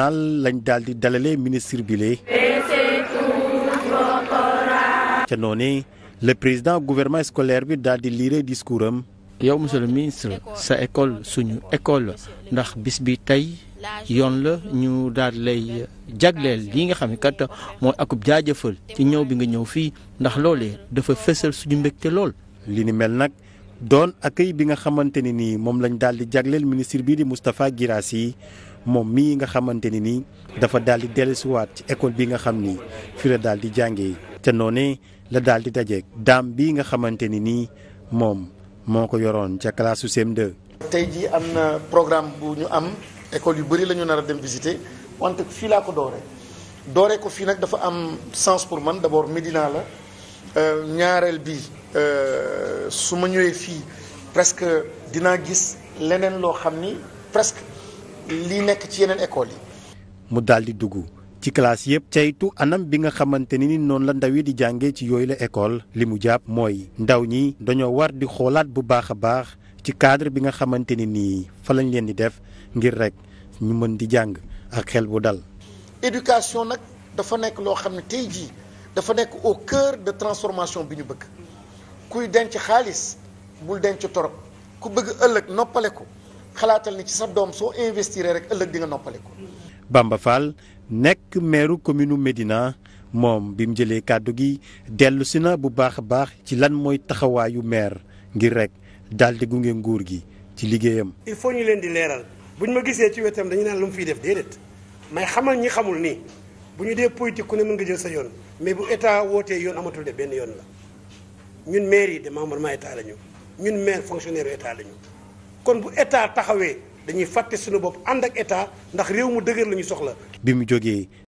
national lañ daal di dalalee ministre bi lee ca noonu le président gouvernement scolaire bi daal di liire discours am yow monsieur le ministre sa école suñu école ndax bis bi tey yoon la ñu daal lay jagleel lii nga xam ne kat mooy akub jaajëfal ci ñëw bi nga ñëw fii ndax loolee dafa fësal suñu mbégte lool. li ni mel nag doon accueil bi nga xamante ne nii moom lañ daal di jagleel ministre bii di Moustapha Guirassy moom mii nga xamante ni nii dafa daal di dellusiwaat ci école bi nga xam ni fii la daal di jàngee te noonee la daal di dajeeg daam bii nga xamante ni nii moom moo ko yoroon ca classe CM2. tey jii am na programme bu ñu am école yu bëri la ñu nar a dem visiter fii laa ko dooree dooree ko fii nag dafa am sens pour man d'abord Médina la euh, ñaareel bi euh, su ma ñëwee fii presque dinaa gis leneen loo xam ni presque. li nekk ci yeneen école yi. mu daal di dugg ci classe yëpp ceytu anam bi nga xamante ni noonu la ndaw yi di jàngee ci yooyu la école li mu jàpp mooy ndaw ñi dañoo war di xoolaat bu baax a baax ci cadre bi nga xamante ni nii fa lañ leen di def ngir rek ñu mën di jàng ak xel bu dal. éducation nag dafa nekk loo xam ne tey jii dafa nekk au cœur de transformation bi ñu bëgg kuy denc xaalis bul denc torop ku bëgg ëllëg noppale ko. xalaatal ni ci sa doom soo investir rek ëllëg di nga noppale ko. Bamba Fall nekk meeru commune Médina moom bi mu jëlee kàddu gi dellu si na bu baax a baax ci lan mooy taxawaayu maire ngir rek daal di gunge nguur gi ci liggéeyam. il faut ñu leen di leeral bu ñu ma gisee ci wetam dañu naan lu mu fiy def déedéet may xamal ñi xamul ni bu ñu dee politique ku ne mën nga jël sa yoon mais bu état wootee yoon amatul de benn yoon la ñun maire yi de membrement état la ñu ñun maire fonctionnaire état kon bu état taxawee dañuy fàtte sunu bopp ànd ak état ndax réew mu dëgër la ñu soxla. bi mu jógee